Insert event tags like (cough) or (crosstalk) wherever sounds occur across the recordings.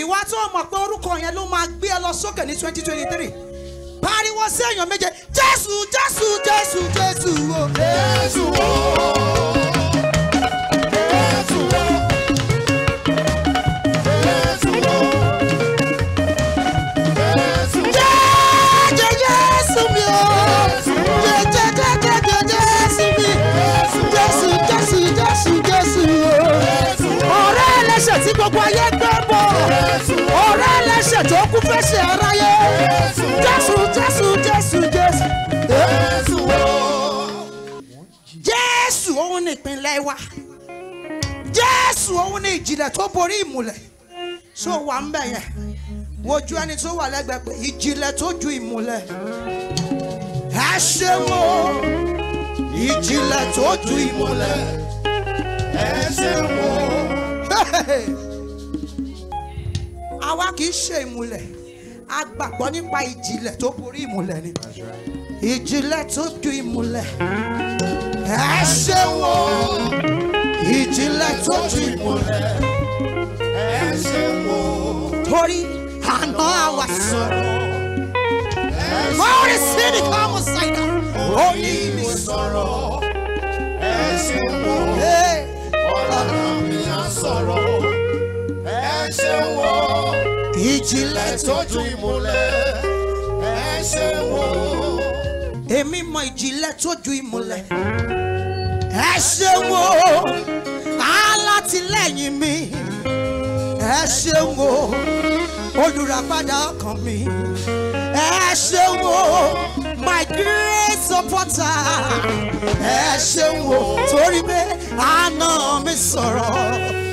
ìwà tó mọ̀ pé orúkọ yẹn ló máa gbé ẹ lọ sókè ní twenty twenty three pariwo sí èèyàn méje jésù jésù jésù jésù o. jésù o jésù o. gbogbo ayé ọ̀rẹ́ ẹlẹ́ṣẹ̀ tó kú fẹ́ṣẹ̀ aráyé jésù jésù jésù jésù jésù jésù òun ni ìpínlẹ̀ wa jésù òun ni ìjìnlẹ̀ tó borí ìmùlẹ̀ tó wà ń bẹ̀ yẹn wojú ẹni tó wà lẹ́gbẹ̀ẹ́ pé ìjìnlẹ̀ tó ju ìmùlẹ̀ ẹ ṣe wo ìjìnlẹ̀ tó ju ìmùlẹ̀ ẹ ṣe wo. (laughs) àwa kì í ṣe ìmùlẹ̀ a gbàgbọ́ nípa ìjìnlẹ̀ tó borí ìmùlẹ̀ ni ìjìnlẹ̀ tó ju ìmùlẹ̀ ẹ ṣe wo ìjìnlẹ̀ tó ju ìmùlẹ̀ ẹ ṣe wo torí àná àwa sọ̀rọ̀ lórí sí ni ká mú ṣàìdá ó ní sọ̀rọ̀ ẹ ṣe wo ọ̀rọ̀ mi á sọ̀rọ̀ ẹ ṣe wo ìjìnlẹ̀ tójú ìmùlẹ̀ ẹ ṣe wò. èmi mọ ìjìnlẹ̀ tójú ìmùlẹ̀ ẹ ṣe wò alátìlẹ́yìn mi ẹ ṣe wò olùràpadà ọkàn mi ẹ ṣe wò my great supporter ẹ ṣe wò torí pé àna mi sọ̀rọ̀.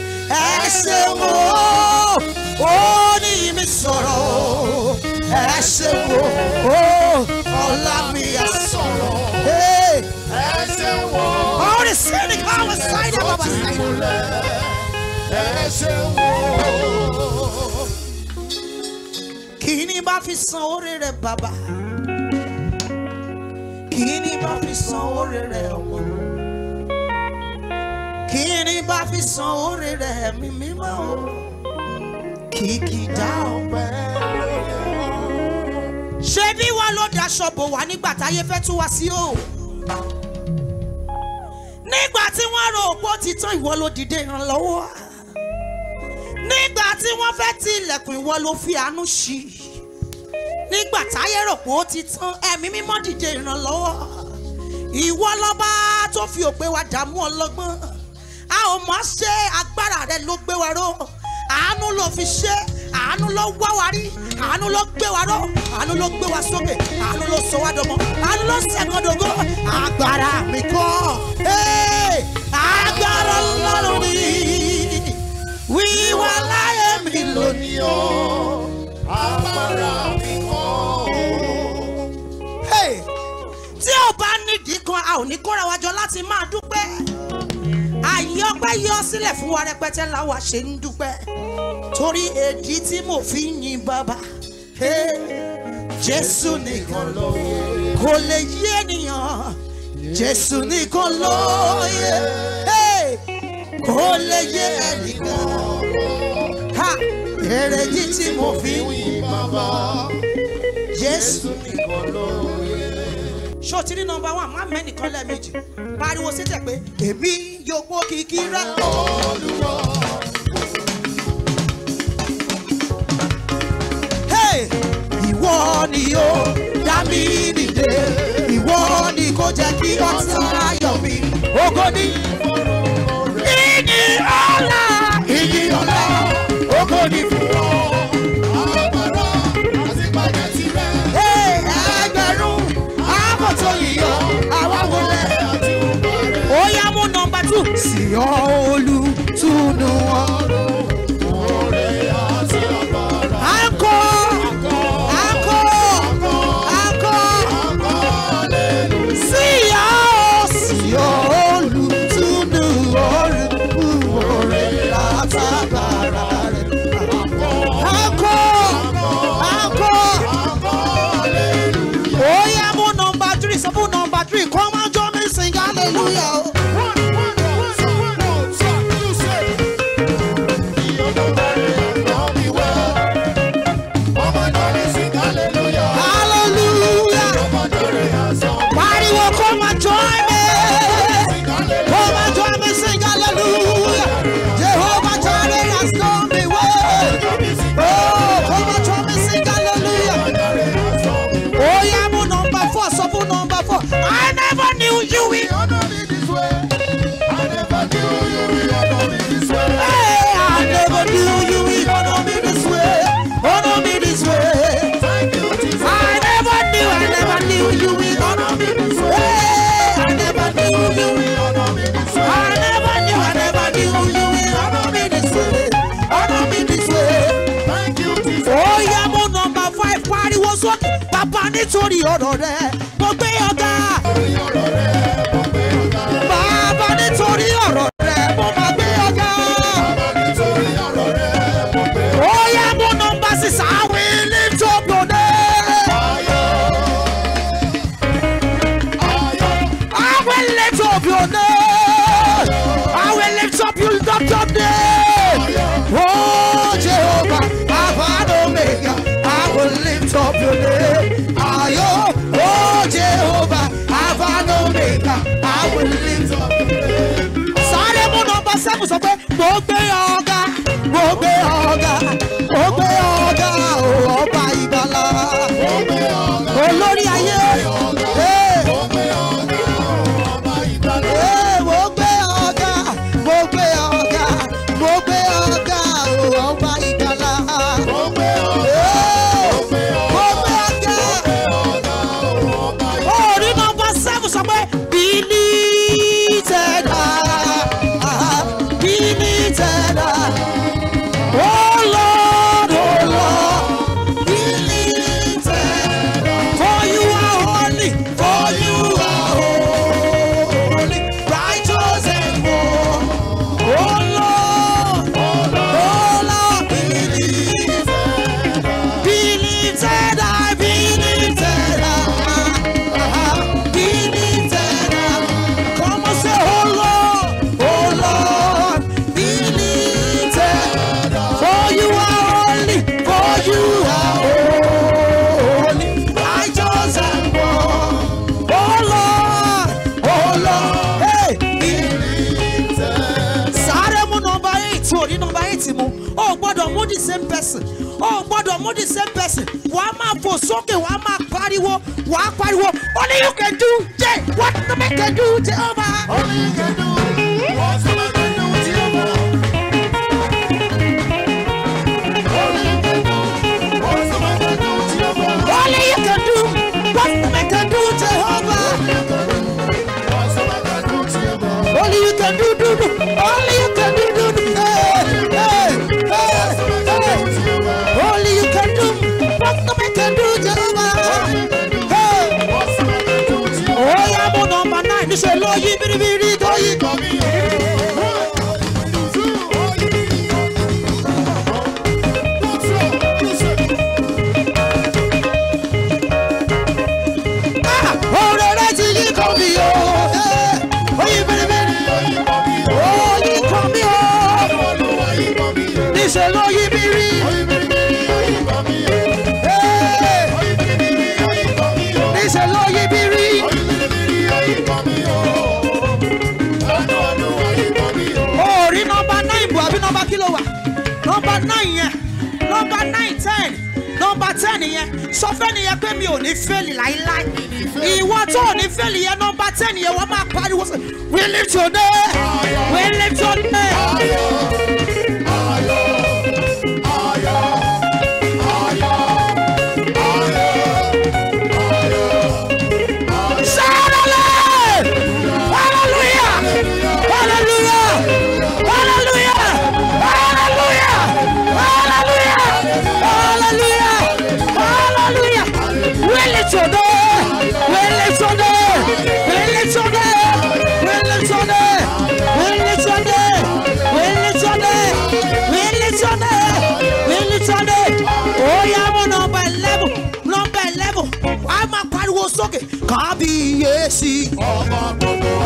o. ọ̀la mi yà sọ̀rọ̀. ẹsẹ̀ wo. ọ̀hún ni sẹ́ni káwọn sáyidá bàbá sáyidá. ẹsẹ̀ wo. kì í ní bá fi san oore rẹ̀ bàbá kí ni fi san oore rẹ̀ ọmọ kí ni fi san oore rẹ̀ mi mímọ́ o kìkì dá ọpẹ́ lórí wọn ṣé bí wà ló daṣọ bò wá nígbà táyé fẹ́ tú wá sí o nígbà tí wọ́n ro òpó ti ìwọ ló dìde ìrànlọ́wọ́ nígbà tí wọ́n fẹ́ ti ilẹ̀kùn ìwọ ló fi àánú ṣí nígbà táyé rò pé ó ti tán ẹ̀mí mímọ́ dìde ìrànlọ́wọ́ ìwọ lọ́ba tó fi òpè wa dààmú ọlọ́gbọ́n a ò mọ̀ ṣe agbára rẹ ló gbé wa ró ló fi ṣe àánú ló wá wa rí àánú ló gbé wa ró àánú ló gbé wa sókè àánú ló sọ wá dọmọ àánú ló ṣẹ̀kọ́dọ̀gọ́ agbára mi kọ́ agbára ọlọ́run ni wíwá láyé mi lónìí o agbára mi kọ́ tí ò bá nídìí kan a ò ní kóra wa láti máa dúpẹ́ àyè ọpẹ́ yọ sílẹ̀ fún wa rẹpẹtẹ làwa ṣe ń dúpẹ́ torí èdí tí mo fi ń yin bàbá jésù nìkan ló kò lè yí ènìyàn jésù nìkan ló yẹ kò lè yé ẹnìkan èrèdí tí mo fi ń yin bàbá jésù nìkan ló yẹ. ṣó o ti rí nọ́mbà wa má mẹ́nìkan lẹ́ẹ̀mejì pariwo síta pé èmi yòókù kìkì rẹ olùrọ̀. mi dìde ìwọ ni kò jẹ́ kí ọ̀tá yọ̀ mí ògo ni. ìyìn ọlá ìyìn ọlá ògo ni fún ọ. Ó yá mú nọ́mbà two. Sì ọ́ olú túnú ọ́. nítorí ọ̀rọ̀ rẹ mo gbé ọ̀gá. Ha ha ha. only you can do, Jay. What the man can do, Jehovah. Only you can do. What's tó yí biribiri tó yí kọ́ mi. ọ̀rẹ́ rẹ ti yí kọ́ mi o ó yí biribiri ó yí kọ́ mi o níṣẹ́ ló yí biribiri. sọ fẹ́ni yẹn pé mi ò ní fẹ́lì láíláí ìwọ tó ò ní fẹ́lì yẹn nọ́mbà tẹ́nì yẹn wọ́n máa pariwo sí we live today. we live today. sókè kábíyèsí. ọba gbogbo.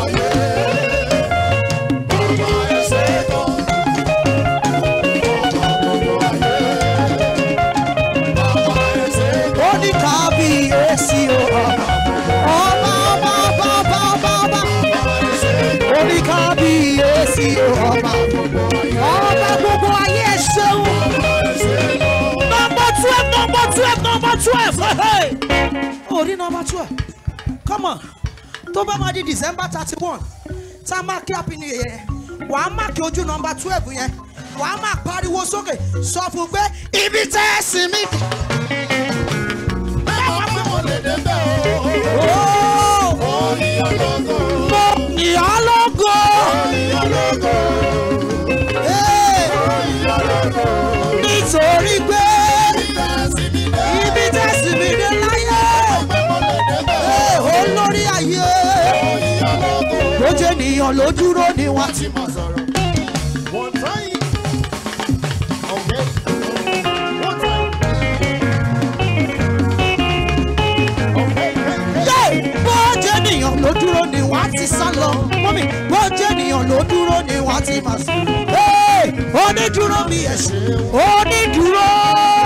orí nọmba twelve come on tó bá máa di december thirty one tá a máa kí happy new year wà á máa kí ojú nọmba twelve yẹn wà á máa pariwo sókè sọ fún pé ibi tẹ́ ẹ sìn mí. bẹ́ẹ̀ wá mo lè débẹ̀ o. orí ológo. ìyálógo. orí ológo. orí ológo. nítorí pé. ènìyàn ló dúró ní wa. bọ́jẹ́ ènìyàn ló dúró ní wa ti sá lọ mọ́mí bọ́jẹ́ ènìyàn ló dúró ní wa ti mà sí. onídùúró mi ẹ̀ ṣe onídùúró.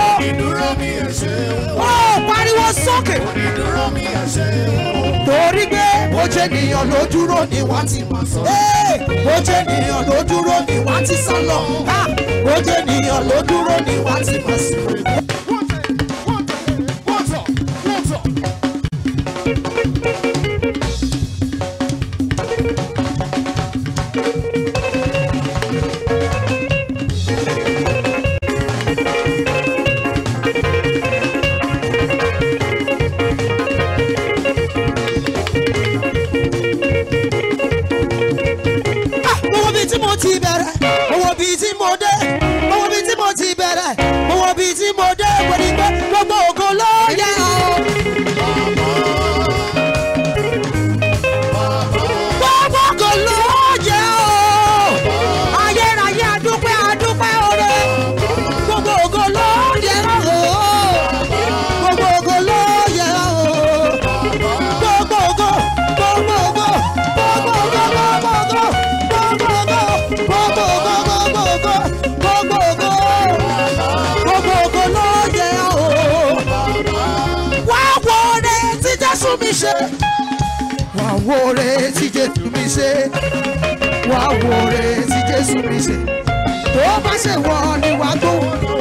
onídùúró mi ẹ̀ ṣe. ó pariwo sókè. onídùúró mi ẹ̀ ṣe. torí gbé bó jẹ́ ènìyàn ló dúró ni wá ti máa sọ. bó jẹ́ ènìyàn ló dúró ni wá ti sá lọ. bó jẹ́ ènìyàn ló dúró ni wá ti máa sọ. ṣe tó bá ṣe wọ ni wàá tó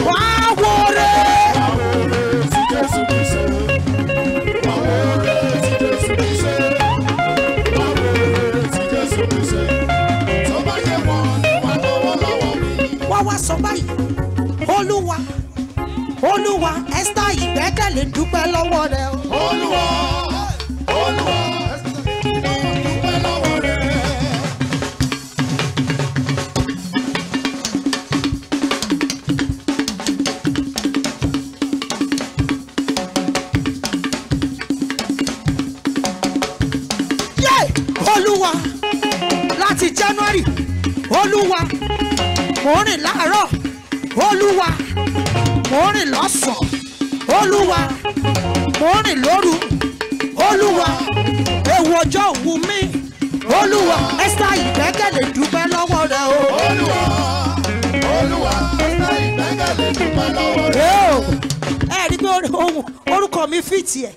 wàá wọ rẹ. wá sọ báyìí olúwa olúwa Esther ìgbẹ́kẹ̀lé dúpẹ́ lọ́wọ́ rẹ. ẹ rí pé orúkọ mi fìtì ẹ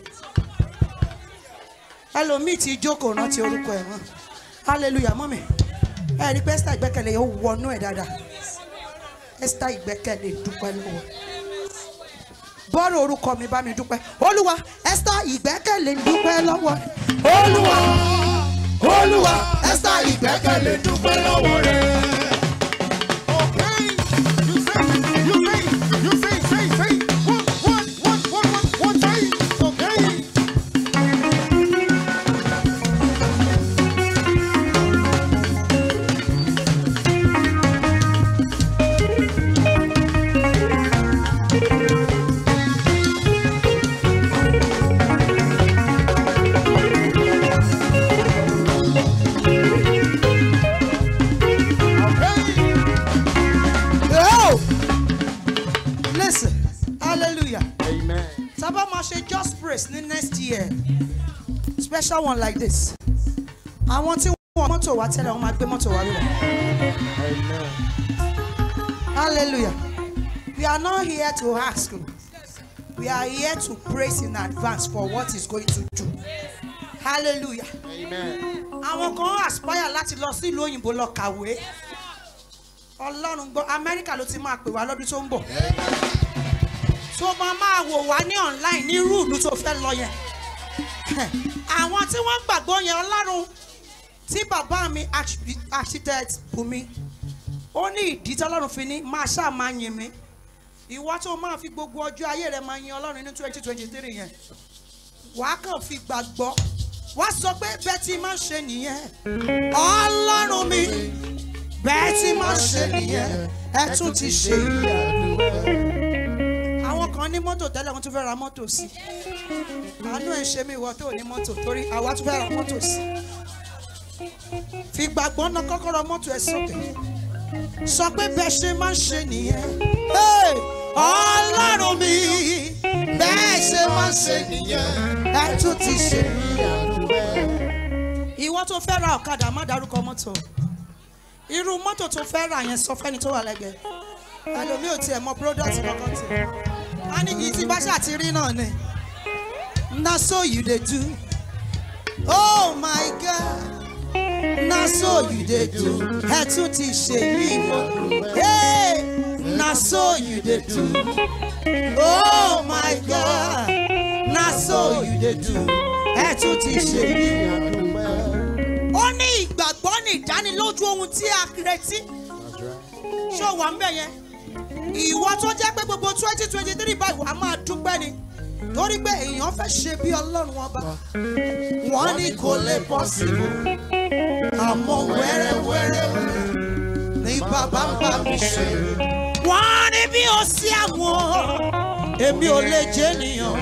ẹlòmíì ti jókòó rántí orúkọ ẹ mọ hallelujah mọ́mi ẹ rí pé Esther ìgbẹ́kẹ̀lé yóò wọnú ẹ̀ dáadáa Esther ìgbẹ́kẹ̀lé dúpẹ́ lọ́wọ́ bọ́ọ̀rù orúkọ mi bá mi dúpẹ́ olúwa Esther ìgbẹ́kẹ̀lé dúpẹ́ lọ́wọ́ olúwa olúwa Esther ìgbẹ́kẹ̀lé dúpẹ́ lọ́wọ́ rẹ̀. year special one like this àwọn tí wọ́n mọ́tò wá tẹ́lẹ̀ wọ́n máa gbé mọ́tò wá lọ. hallelujah we are not here to ask we are here to praise in advance for what is going to do hallelujah àwọn kan aspire láti lọ sí ìlú òyìnbó lọ kàwé ọlọ́run gbọ́ amẹ́ríkà ló ti máa pè wá lọ́dún tó ń bọ̀ tó máa máa wò wá ní online ní irú ìlú tó fẹ́ lọ yẹn. (coughs) àwọn tí wọ́n gbàgbọ́ yẹn ọlọ́run tí bàbá mi architect Bùnmi ó ní ìdí tí ọlọ́run fi ní máa ṣáà máa yin mi ìwọ tó máa fi gbogbo ọjọ́ ayé rẹ máa yin ọlọ́run ní twenty twenty three yẹn wàá kàn fi gbàgbọ́ wàá sọ pé bẹ́ẹ̀ tí máa ṣe nìyẹn ọlọ́run mi bẹ́ẹ̀ tí máa ṣe nìyẹn ẹ tún ti ṣe kan ní mọ́tò tẹ́lẹ̀ wọ́n tún fẹ́ ra mọ́tò sí àánú ẹ̀ ṣe mí ìwọ tó ní mọ́tò torí àwa tún fẹ́ ra mọ́tò sí fi gbàgbọ́ ná kọ́kọ́rọ́ mọ́tò ẹ̀ sókè sọ pé bẹ́ẹ̀ ṣe máa ń ṣe nìyẹn ọlọ́run mi bẹ́ẹ̀ ṣe máa ń ṣe nìyẹn ẹ tún ti ṣe ìyàrú ẹ. ìwọ tó fẹ́ ra ọ̀kadà má dárúkọ mọ́tò irú mọ́tò tó fẹ́ rà yẹn sọ fẹ́ni tó wà lẹ́gbẹ̀ẹ́ ẹlòmíì ò tiẹ̀ mọ product kankan tiẹ̀ a ní yìí tí bá ṣàtìrí náà ni na so you dey do oh my God na so you dey do ẹ tún ti ṣe yìí mọ́ na so you dey do oh my God na so you dey do ẹ tún ti ṣe yìí mọ́. ó ní ìgbàgbọ́ ní ìdánilójú ohun tí a retí ṣé o wà ń bẹ̀ yẹn ìwọ tó jẹ́ pé gbogbo twenty twenty three báyìí wàá máa dúpẹ́ ni torí pé èèyàn fẹ́ ṣe bí ọlọ́run ọba wọ́n ní kò lè possible àmọ́ wẹ́rẹ́wẹ́rẹ́ ni bàbá ń bá mi ṣe wọ́n ní bí o sí àwọn èmi ò lè jẹ́ ènìyàn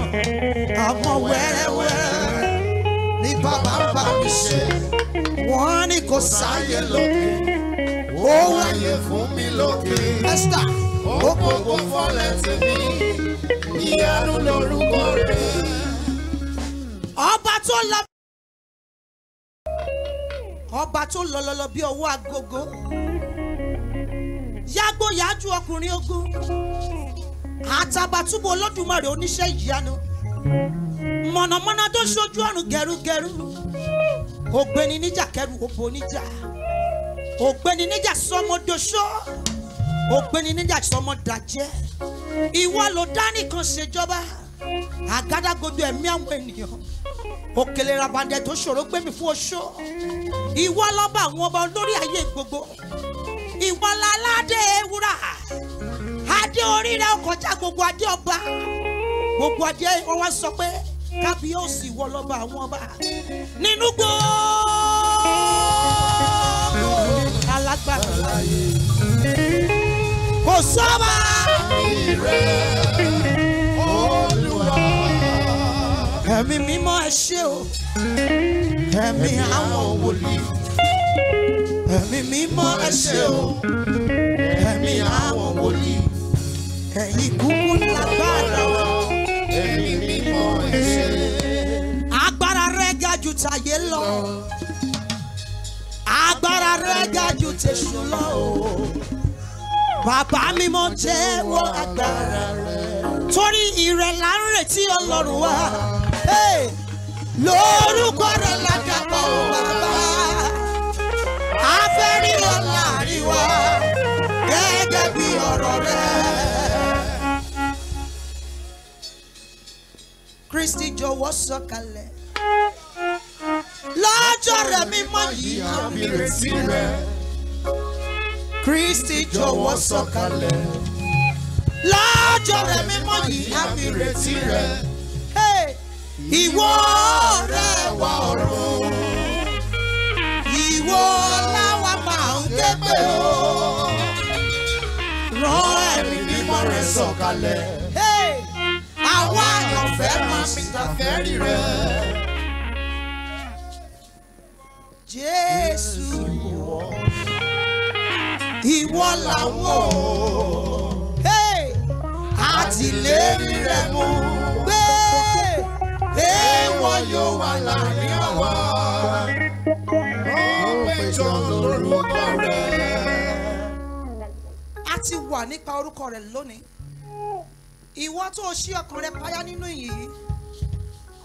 àmọ́ wẹ́rẹ́wẹ́rẹ́ ni bàbá bá mi ṣe wọ́n ní kò sáyé lókè ó wáyé fún mi lókè Esther ó gbogbo fọlẹ̀ tì mí ìyanu lórúkọ rẹ̀. ọba tó lọ ọba tó lọlọlọ bí ọwọ́ agogo yàgbó yàjú ọkùnrin ogun àtàbàtúbú olódùmarè oníṣẹ́ ìyanu mọ̀nàmọ́ná tó ṣojú ọ̀run gẹrugẹru ògbéni níjà kẹrù òbò níjà ògbéni níjà sọmọ doṣó ògbéni níjà sọmọ dàjẹ́ ìwọ ló dá nìkan ṣèjọba àgádágodo ẹ̀mí àwọn ènìyàn òkèlè rabandẹ tó ṣòro gbé mi fún oṣó ìwọ lọ́ba àwọn ọba olórí ayé gbogbo ìwọ láládé ewúrà adé orí rẹ kọjá gbogbo adé ọba gbogbo adé ọwọ́ sọ pé kábíyèsí ìwọ lọ́ba àwọn ọba nínú gbòó lágbára láyé. kò sọ́ba. ìrẹ́ olúwa. ẹ̀mí mímọ́ ẹ ṣé o ẹ̀mí àwọn wòlíì. ẹ̀mí mímọ́ ẹ ṣé o ẹ̀mí àwọn wòlíì. ẹ̀yin kúkú lágbára wa. ẹ̀mí mímọ́ ẹ ṣé. agbára rẹ̀ ga jù tàyé lọ. agbára rẹ̀ ga tẹ̀sùn lọ o. Bàbá mi mo jẹ́wọ́ agbára rẹ̀. Torí ìrẹ̀ là ń retí Ọlọ́run wa. Lórúkọ rẹ̀ la dàpọ̀ bàbá. A fẹ́ rí ọ̀la àríwá gẹ́gẹ́ bí ọ̀rọ̀ rẹ̀. Kristi jọ̀wọ́ sọ̀kalẹ̀. Lọ́jọ́ rẹ̀ mímọ́ yìí àmì retí rẹ̀. Kristi jọ̀wọ́ sọ̀kalẹ̀. Lọ́jọ́ rẹ̀ mímọ́ yìí á fi retí rẹ̀. Ìwọ ọ̀rẹ́ wa ọ̀run. Ìwọ láwa máa ń ké pè ó. Rán ẹ̀mí mímọ́ rẹ̀ sọ̀kalẹ̀. Àwa àyànfẹ́ máa mi tàfẹ́rì rẹ̀. Jesus, ìwọ ìwọ là ń wò àtìlérí rẹ mú pé èèwọ̀ yóò wà láàrin ọwọ́ ó péjọ lórúkọ rẹ. a ti wà nípa orúkọ rẹ lónìí ìwọ tó o ṣí ọkàn rẹ payá nínú ìyìn yìí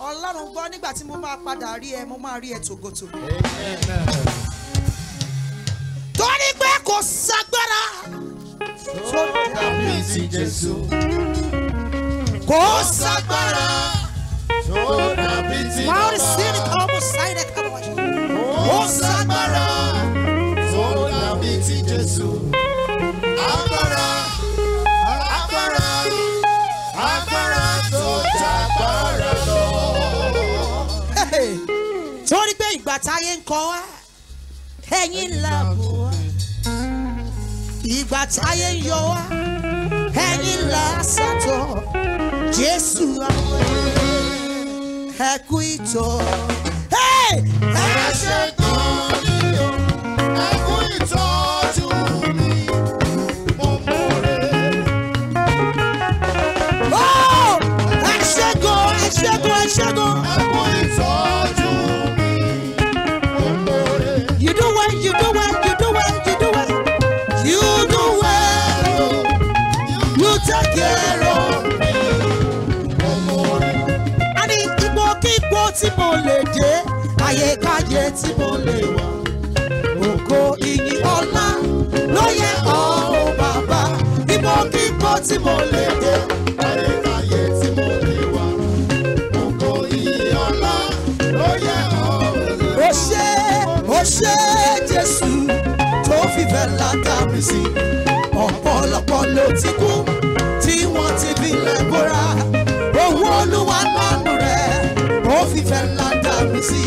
ọlọ́run gbọ́ nígbà tí mo máa padà rí ẹ mo máa rí ẹ tògótògó. amen sagbára. sódìrà bíi ti Jésù. kò sagbára. sódìrà bíi ti bàbá. máa ń sin kàwọ́ sáyẹn dẹ̀ kàwọ́. kò sagbára. sódìrà bíi ti Jésù. agbára. agbára. agbára tó tagbára lọ. torí pé ìgbà táyé ń kọ wá ẹ̀yin làbò wá. ìgbà táyé ń yọ wá ẹ̀yin làásàtọ̀ Jésù ẹ̀kú ìtọ̀ ẹ̀ ṣe. tí mo lè wà. Ògo ìyìn ọlá ló yẹ ọ́ o bàbá. Ibo kíkó tí mo lè dé. Ọ̀pọ̀lọpọ̀ ló ti kú tí wọ́n ti fi lẹ́gbọ́ra. Owó olúwa lánàá rẹ̀ ó fìfẹ́ látàmì sí.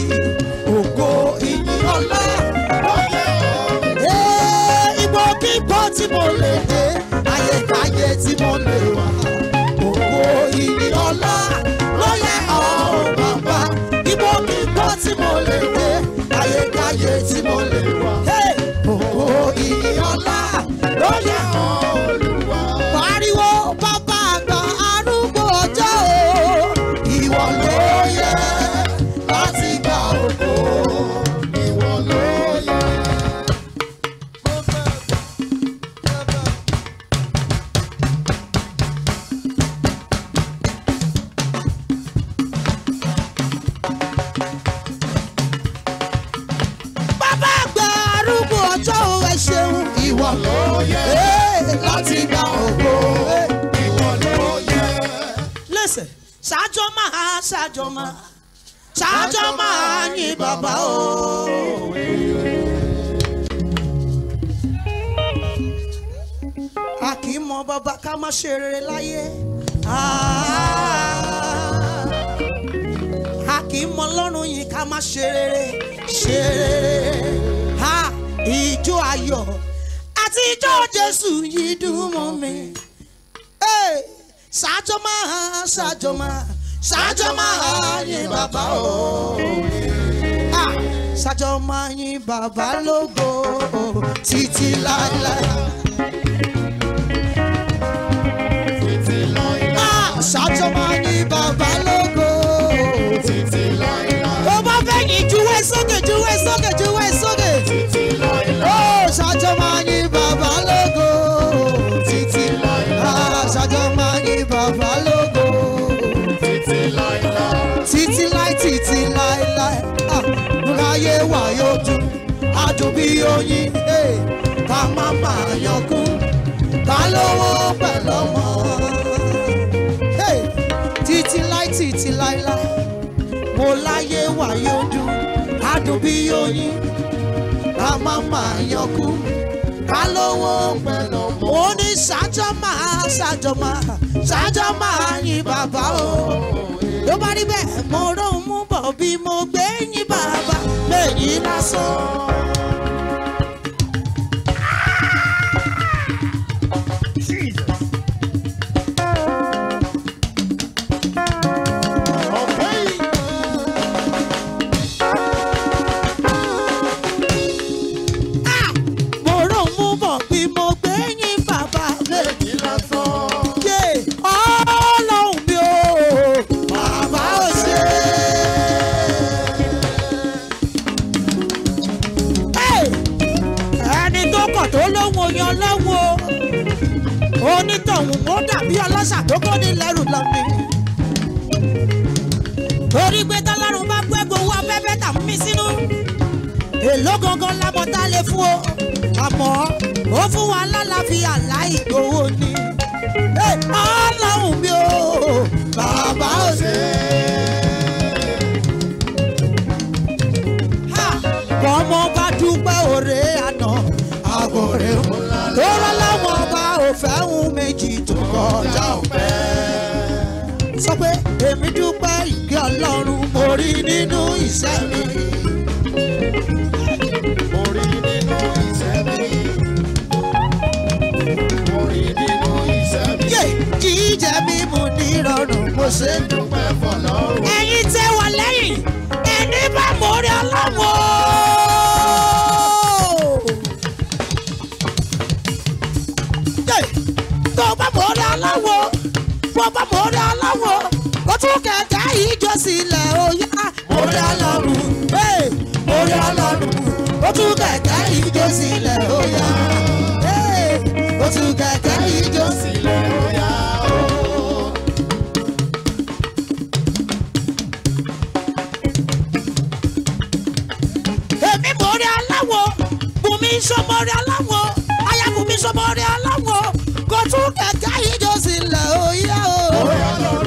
tí mo lè dé ayékáyé tí mo lè wà ògo ìyìnlọ́lá lọ́yẹ ọ̀hún bàbá ibo mi tí mo lè dé ayékáyé tí mo lè wà ògo ìyìnlọ́lá lọ́yẹ ọ̀hún. Sajoma, sajoma, sajoma ni ṣáájọ́ máa yìn bàbá o. a kì í mọ bàbá ká má ṣe rere ha ìjó ayọ̀ àti ìjó Jésù yìí dùn mọ́ mi. Hey! Sajoma, Sajoma, Sajoma, yín bàbá o. ṣájọ́mọ́ yín bàbá lógo títí láíláí. ṣájọ́mọ́. bí oyin ká má máa yankun ká lówó pẹ̀lú ọmọ títí láì títí láíláí mo láyé wáyé ọdún adùn bí oyin ká má máa yankun ká lówó pẹ̀lú ọmọ. ó ní ṣájọ́ máa ṣájọ́ máa bàbá o ló bá rí bẹ́ẹ̀ mo rọrùn mú bọ̀ bí mo gbé yín bàbá lẹ́yìn lásán. èmi dúpẹ́ ìkẹ́ ọlọ́run mo rí nínú ìṣẹ́ mi. mo rí nínú ìṣẹ́ mi. mo rí nínú ìṣẹ́ mi. jíjẹ ṣe ń dúpẹ́ fọlọ́run. ẹ̀yin tẹ wà lẹ́yìn ẹni bá mórí ọlọ́run. tó bá mórí aláwọ̀ tó bá mórí aláwọ̀ kẹ̀kẹ́ yìí jó sílẹ̀ oyá. mo rí ọlọ́run mo rí ọlọ́run ó tún kẹ̀kẹ́ yìí jó sílẹ̀ oyá. ó tún kẹ̀kẹ́ yìí jó sílẹ̀ oyá. èmi mo rí aláwọ̀ bùnmi sọmọ rí aláwọ̀ aya bùnmi sọmọ rí aláwọ̀ kò tún kẹ̀kẹ́ yìí sílẹ̀ oyá o.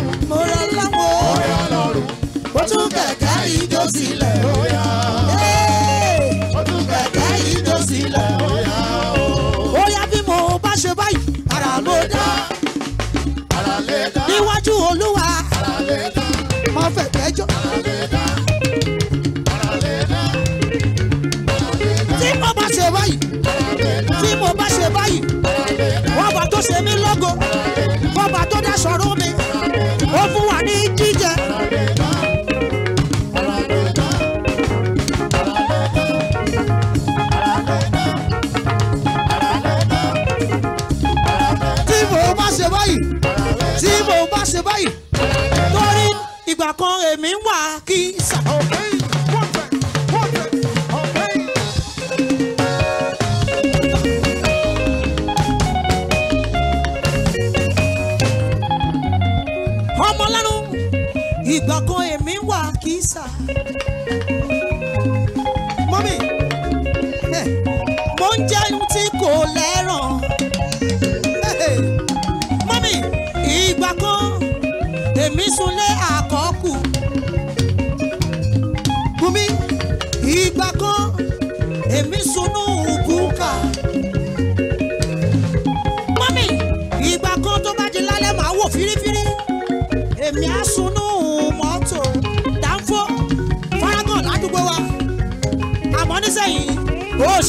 ṣe mí lógo fọba tó dá sọ̀rọ̀ ìgbà kan èmi wà kìsà. mọ́mì mo ń jẹun.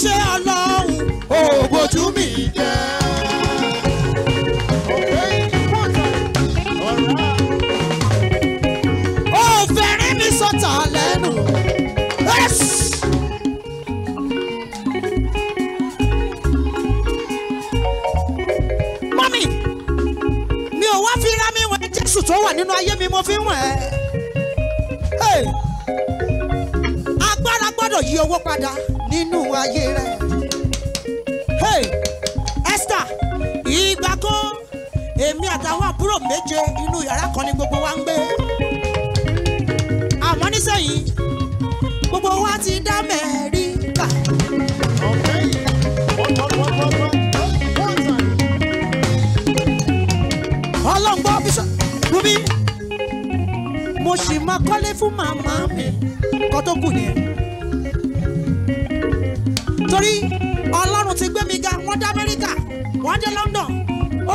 ṣe ọlọ́run ò bójú mi jẹ́. ó fẹ́rẹ́ mi fi ra mi wẹ̀ Jésù tó wà nínú ayé mi mo fi wẹ̀ ẹ́. agbára gbọ́dọ̀ yí owó padà nínú ayé rẹ. Esther ìgbà kan èmi àtàwọn àbúrò méje inú yàrá kan ni gbogbo wa ń gbé àmọ́ nísìnyí gbogbo wa ti dá mẹ́ríkà. ọ̀pẹ́ yìí pọ́pọ́pọ́pọ́. rúbí mo sì máa kọ́lé fún màmá mi kó tó kù nìyẹn torí ọlọ́run ti gbé mi ga wọ́n dé amẹ́ríkà wọ́n dé london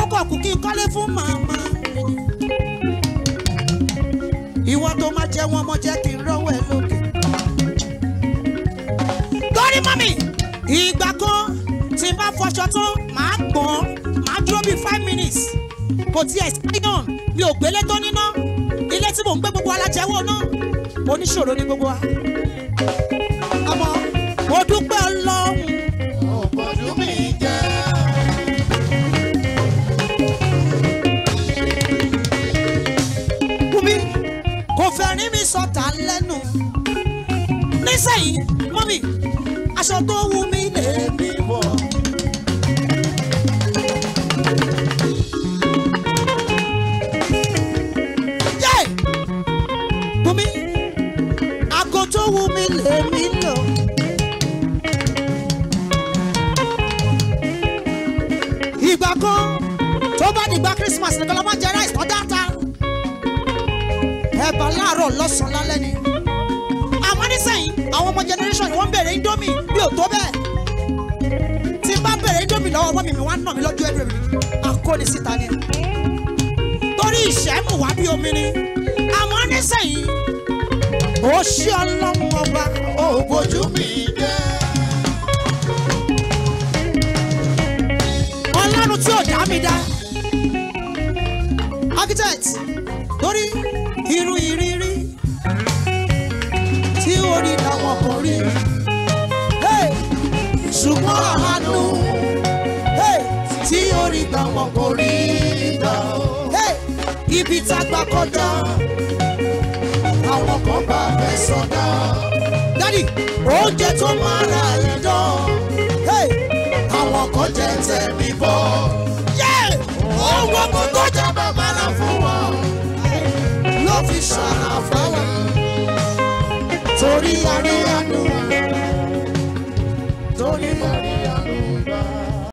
ó kọ̀ kù kí n kọ́lé fún màmá ìwọ tó má jẹ́ wọn mọ jẹ́ kí n rọ́wọ́ ẹ lókè. torí mọ́mì ìgbà kan tí n bá fọṣọ tán màá gbọ́n màá dúró bíi five minutes kò tiẹ̀ síyàn mi ò gbélé tó níná ilé tí mò ń gbé gbogbo alájẹwọ́ náà oníṣòro ni gbogbo wa mo dúpẹ́ ọlọ́run. ògbójú mi jẹ́. Wúmi kò fẹ́ rí mi sọ̀tà lẹ́nu nísẹ̀yìn mọ́mì aṣọ tó wù mí. ó bá dìgbà Christmas nìkan ló máa ń jẹ rice tó dáta ẹ̀bà láàárọ̀ lọ́sàn-án lálẹ́ ni àmọ́ nísìnyí àwọn ọmọ generation wọ́n ń bèrè indomie bí ò tó bẹ́ẹ̀ tí n bá bèrè indomie lọ́wọ́ ọmọ mi mi wá nà mí lọ́jọ́ ẹ̀rọ mi àkóni síta ni torí ìṣẹ́ mú wá bí omi ni àmọ́ nísìnyí ó ṣí ọlọ́run ọba ó bójú mi dé. ọlọ́run tí ò dá mi dá architect torí irú ìrírí tí orí làwọn kò rí ṣùgbọ́n àánú tí orí làwọn kò rí gbà ibi tágbà kọjá àwọn kan bá fẹ́ sọdá. dádì oúnjẹ tó máa ra ìdán àwọn kan jẹ tẹ̀mí bọ́. ó wọ́n tó jẹ́ ṣàfàlà torí adé lánàá.